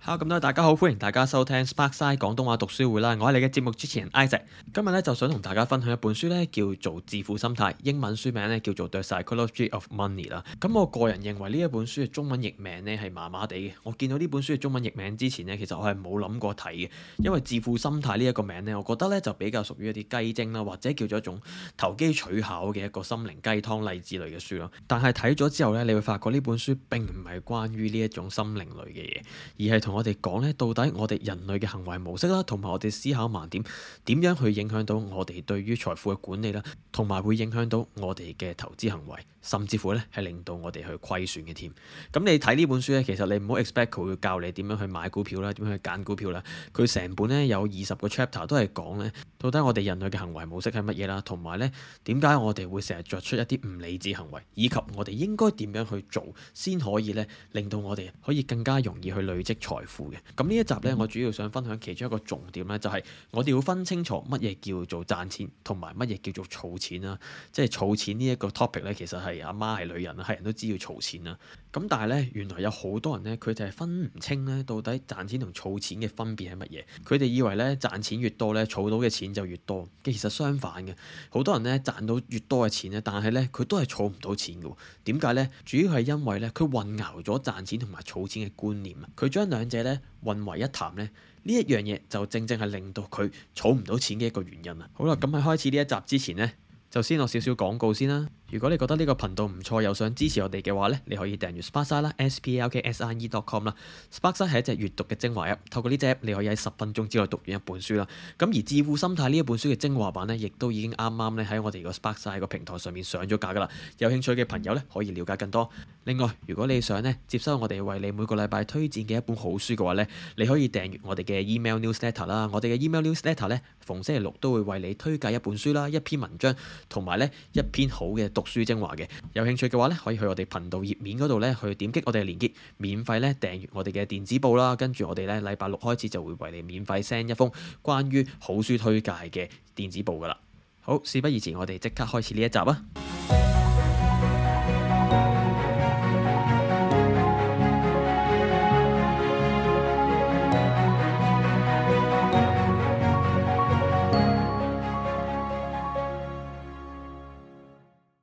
Hello 咁多位，大家好，歡迎大家收聽 Sparkside 廣東話讀書會啦。我係你嘅節目主持人 Isaac。今日咧就想同大家分享一本書咧，叫做《致富心態》，英文書名咧叫做《The Psychology of Money》啦。咁、嗯、我個人認為呢一本書嘅中文譯名咧係麻麻地嘅。我見到呢本書嘅中文譯名之前咧，其實我係冇諗過睇嘅，因為《致富心態》呢、這、一個名咧，我覺得咧就比較屬於一啲雞精啦，或者叫做一種投機取巧嘅一個心靈雞湯勵志類嘅書咯。但係睇咗之後咧，你會發覺呢本書並唔係關於呢一種心靈類嘅嘢，而係同。同我哋講呢，到底我哋人類嘅行為模式啦，同埋我哋思考盲點，點樣去影響到我哋對於財富嘅管理啦，同埋會影響到我哋嘅投資行為，甚至乎呢係令到我哋去虧損嘅添。咁你睇呢本書呢，其實你唔好 expect 佢會教你點樣去買股票啦，點樣去揀股票啦。佢成本呢有二十個 chapter 都係講呢，到底我哋人類嘅行為模式係乜嘢啦，同埋呢點解我哋會成日作出一啲唔理智行為，以及我哋應該點樣去做，先可以呢令到我哋可以更加容易去累積財財富嘅。咁呢一集呢，我主要想分享其中一個重點呢，就係我哋要分清楚乜嘢叫做賺錢同埋乜嘢叫做儲錢啦。即係儲錢呢一個 topic 呢，其實係阿媽係女人啦，係人都知要儲錢啦。咁但係呢，原來有好多人呢，佢就係分唔清呢，到底賺錢同儲錢嘅分別係乜嘢？佢哋以為呢，賺錢越多呢，儲到嘅錢就越多。其實相反嘅，好多人呢，賺到越多嘅錢呢，但係呢，佢都係儲唔到錢嘅。點解呢？主要係因為呢，佢混淆咗賺錢同埋儲錢嘅觀念啊。佢將兩者咧混為一談咧，呢一樣嘢就正正係令到佢儲唔到錢嘅一個原因啦！好啦，咁喺開始呢一集之前咧，就先落少少廣告先啦。如果你覺得呢個頻道唔錯，又想支持我哋嘅話咧，你可以訂閱 Sparkside 啦，S P L K S I E dot com 啦。Sparkside 係一隻閱讀嘅精華 App，透過呢隻 App 你可以喺十分鐘之內讀完一本書啦。咁而《致富心態》呢一本書嘅精華版呢，亦都已經啱啱咧喺我哋個 Sparkside 個平台上面上咗架噶啦。有興趣嘅朋友呢，可以了解更多。另外，如果你想咧接收我哋為你每個禮拜推薦嘅一本好書嘅話呢，你可以訂閱我哋嘅 Email Newsletter 啦。我哋嘅 Email Newsletter 呢，逢星期六都會為你推介一本書啦、一篇文章同埋呢一篇好嘅。讀書精華嘅有興趣嘅話咧，可以去我哋頻道頁面嗰度咧去點擊我哋嘅鏈接，免費咧訂閱我哋嘅電子報啦。跟住我哋咧禮拜六開始就會為你免費 send 一封關於好書推介嘅電子報㗎喇。好，事不宜遲，我哋即刻開始呢一集啊！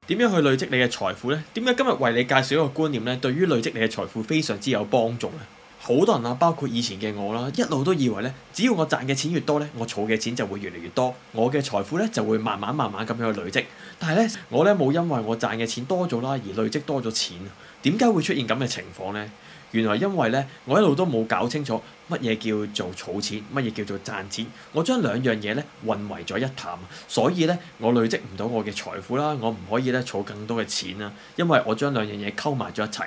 點樣去累積你嘅財富呢？點解今日為你介紹一個觀念呢？對於累積你嘅財富非常之有幫助咧。好多人啊，包括以前嘅我啦，一路都以為呢，只要我賺嘅錢越多呢，我儲嘅錢就會越嚟越多，我嘅財富呢就會慢慢慢慢咁樣去累積。但係呢，我呢冇因為我賺嘅錢多咗啦，而累積多咗錢。點解會出現咁嘅情況呢？原來因為咧，我一路都冇搞清楚乜嘢叫做儲錢，乜嘢叫做賺錢。我將兩樣嘢咧混為咗一談，所以咧我累積唔到我嘅財富啦，我唔可以咧儲更多嘅錢啦，因為我將兩樣嘢溝埋咗一齊。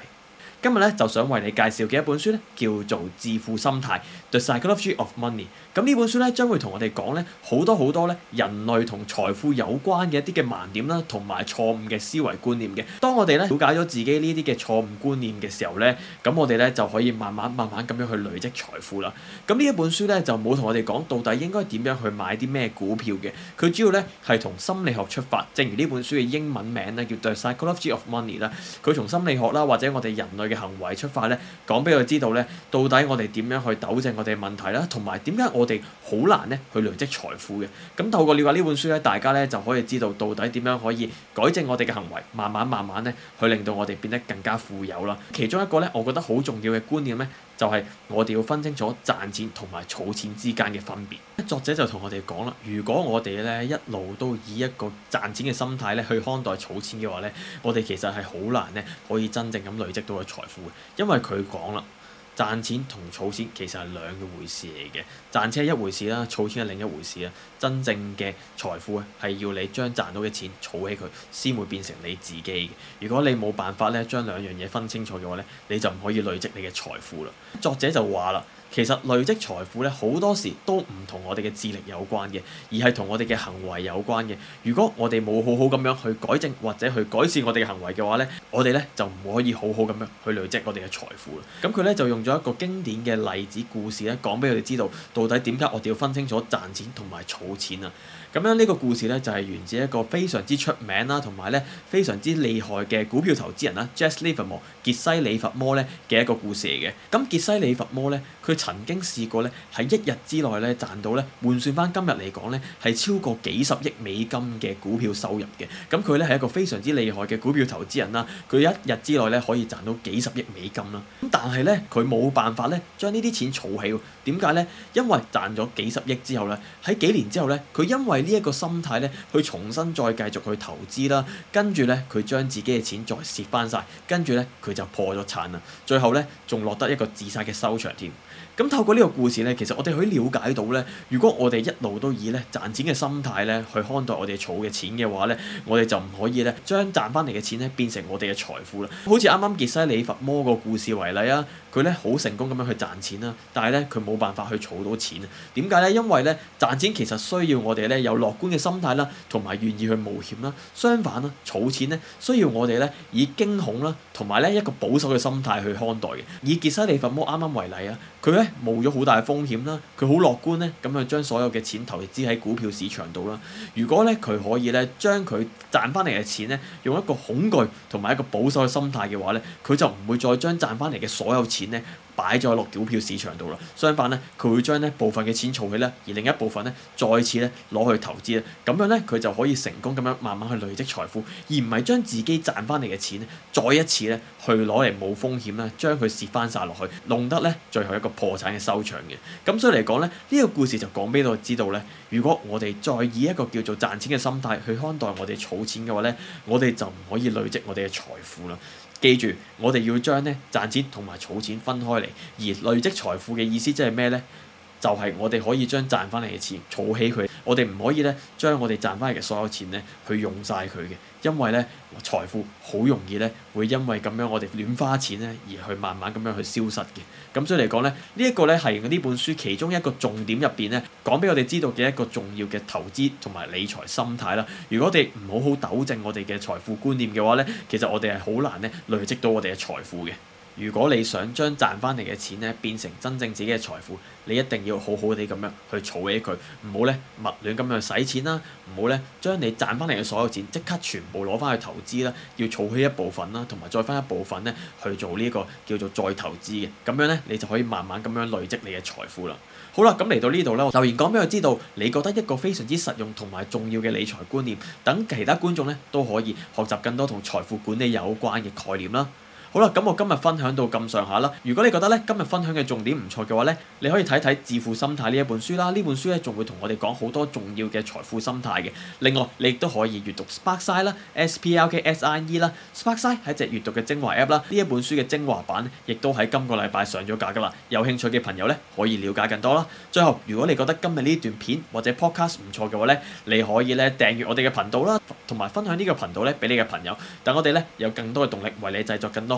今日咧就想為你介紹嘅一本書咧，叫做《致富心態：The Psychology of Money》。咁呢本書咧將會同我哋講咧好多好多咧人類同財富有關嘅一啲嘅盲點啦，同埋錯誤嘅思維觀念嘅。當我哋咧了解咗自己呢啲嘅錯誤觀念嘅時候咧，咁我哋咧就可以慢慢慢慢咁樣去累積財富啦。咁呢一本書咧就冇同我哋講到底應該點樣去買啲咩股票嘅。佢主要咧係從心理學出發，正如呢本書嘅英文名咧叫《The Psychology of Money》啦，佢從心理學啦或者我哋人類。嘅行為出發咧，講俾佢知道咧，到底我哋點樣去糾正我哋嘅問題啦，同埋點解我哋好難咧去累積財富嘅？咁透過瞭解呢本書咧，大家咧就可以知道到底點樣可以改正我哋嘅行為，慢慢慢慢咧去令到我哋變得更加富有啦。其中一個咧，我覺得好重要嘅觀念咧。就係我哋要分清楚賺錢同埋儲錢之間嘅分別。作者就同我哋講啦，如果我哋咧一路都以一個賺錢嘅心態咧去看待儲錢嘅話咧，我哋其實係好難咧可以真正咁累積到嘅財富。因為佢講啦，賺錢同儲錢其實係兩個回事嚟嘅，賺錢係一回事啦，儲錢係另一回事啦。真正嘅財富咧，係要你將賺到嘅錢儲起佢，先會變成你自己嘅。如果你冇辦法咧，將兩樣嘢分清楚嘅話咧，你就唔可以累積你嘅財富啦。作者就話啦，其實累積財富咧，好多時都唔同我哋嘅智力有關嘅，而係同我哋嘅行為有關嘅。如果我哋冇好好咁樣去改正或者去改善我哋嘅行為嘅話咧，我哋咧就唔可以好好咁樣去累積我哋嘅財富啦。咁佢咧就用咗一個經典嘅例子故事咧，講俾佢哋知道，到底點解我哋要分清楚賺錢同埋儲。冇錢啊！咁樣呢個故事呢，就係源自一個非常之出名啦，同埋呢非常之厲害嘅股票投資人啦，Jesse Livermore，傑西里佛摩呢嘅一個故事嚟嘅。咁傑西里佛摩呢，佢曾經試過呢，喺一日之內呢賺到呢，換算翻今日嚟講呢，係超過幾十億美金嘅股票收入嘅。咁佢呢係一個非常之厲害嘅股票投資人啦，佢一日之內呢可以賺到幾十億美金啦。咁但係呢，佢冇辦法呢，將呢啲錢儲起，點解呢？因為賺咗幾十億之後呢，喺幾年之後之後咧，佢因為呢一個心態咧，去重新再繼續去投資啦，跟住咧，佢將自己嘅錢再蝕翻晒，跟住咧，佢就破咗產啦，最後咧，仲落得一個自殺嘅收場添。咁透過呢個故事咧，其實我哋可以了解到咧，如果我哋一路都以咧賺錢嘅心態咧去看待我哋儲嘅錢嘅話咧，我哋就唔可以咧將賺返嚟嘅錢咧變成我哋嘅財富啦。好似啱啱傑西里佛摩個故事為例啊，佢咧好成功咁樣去賺錢啦，但係咧佢冇辦法去儲到錢啊。點解咧？因為咧賺錢其實需要我哋咧有樂觀嘅心態啦，同埋願意去冒險啦。相反啦，儲錢咧需要我哋咧以驚恐啦，同埋咧一個保守嘅心態去看待嘅。以傑西里佛摩啱啱為例啊，佢咧。冒咗好大嘅風險啦，佢好樂觀咧，咁啊將所有嘅錢投資喺股票市場度啦。如果咧佢可以咧將佢賺返嚟嘅錢咧，用一個恐懼同埋一個保守嘅心態嘅話咧，佢就唔會再將賺返嚟嘅所有錢咧。擺咗落股票市場度啦，相反咧，佢會將呢部分嘅錢儲起咧，而另一部分咧再次咧攞去投資咧，咁樣咧佢就可以成功咁樣慢慢去累積財富，而唔係將自己賺翻嚟嘅錢咧再一次咧去攞嚟冇風險咧將佢蝕翻晒落去，弄得咧最後一個破產嘅收場嘅。咁所以嚟講咧，呢個故事就講俾我知道咧，如果我哋再以一個叫做賺錢嘅心態去看待我哋儲錢嘅話咧，我哋就唔可以累積我哋嘅財富啦。記住，我哋要將咧賺錢同埋儲錢分開嚟，而累積財富嘅意思即係咩咧？就係我哋可以將賺翻嚟嘅錢儲起佢，我哋唔可以咧將我哋賺翻嚟嘅所有錢咧去用晒佢嘅，因為咧財富好容易咧會因為咁樣我哋亂花錢咧而去慢慢咁樣去消失嘅。咁所以嚟講咧，這個、呢一個咧係呢本書其中一個重點入邊咧講俾我哋知道嘅一個重要嘅投資同埋理財心態啦。如果我哋唔好好糾正我哋嘅財富觀念嘅話咧，其實我哋係好難咧累積到我哋嘅財富嘅。如果你想將賺翻嚟嘅錢咧變成真正自己嘅財富，你一定要好好地咁樣去儲起佢，唔好咧密亂咁樣使錢啦，唔好咧將你賺翻嚟嘅所有錢即刻全部攞翻去投資啦，要儲起一部分啦，同埋再翻一部分咧去做呢個叫做再投資嘅，咁樣咧你就可以慢慢咁樣累積你嘅財富啦。好啦，咁嚟到呢度啦，我留言講俾我知道，你覺得一個非常之實用同埋重要嘅理財觀念，等其他觀眾咧都可以學習更多同財富管理有關嘅概念啦。好啦，咁我今日分享到咁上下啦。如果你覺得呢今日分享嘅重點唔錯嘅話呢，你可以睇睇《致富心態》呢一本書啦。呢本書呢仲會同我哋講好多重要嘅財富心態嘅。另外，你亦都可以閲讀 Sparksine 啦，S P L K S I E 啦，Sparksine 係只閲讀嘅精華 App 啦。呢一本書嘅精華版亦都喺今個禮拜上咗架噶啦。有興趣嘅朋友呢可以了解更多啦。最後，如果你覺得今日呢段片或者 Podcast 唔錯嘅話呢，你可以呢訂閱我哋嘅頻道啦，同埋分享呢個頻道呢俾你嘅朋友，等我哋呢有更多嘅動力為你製作更多。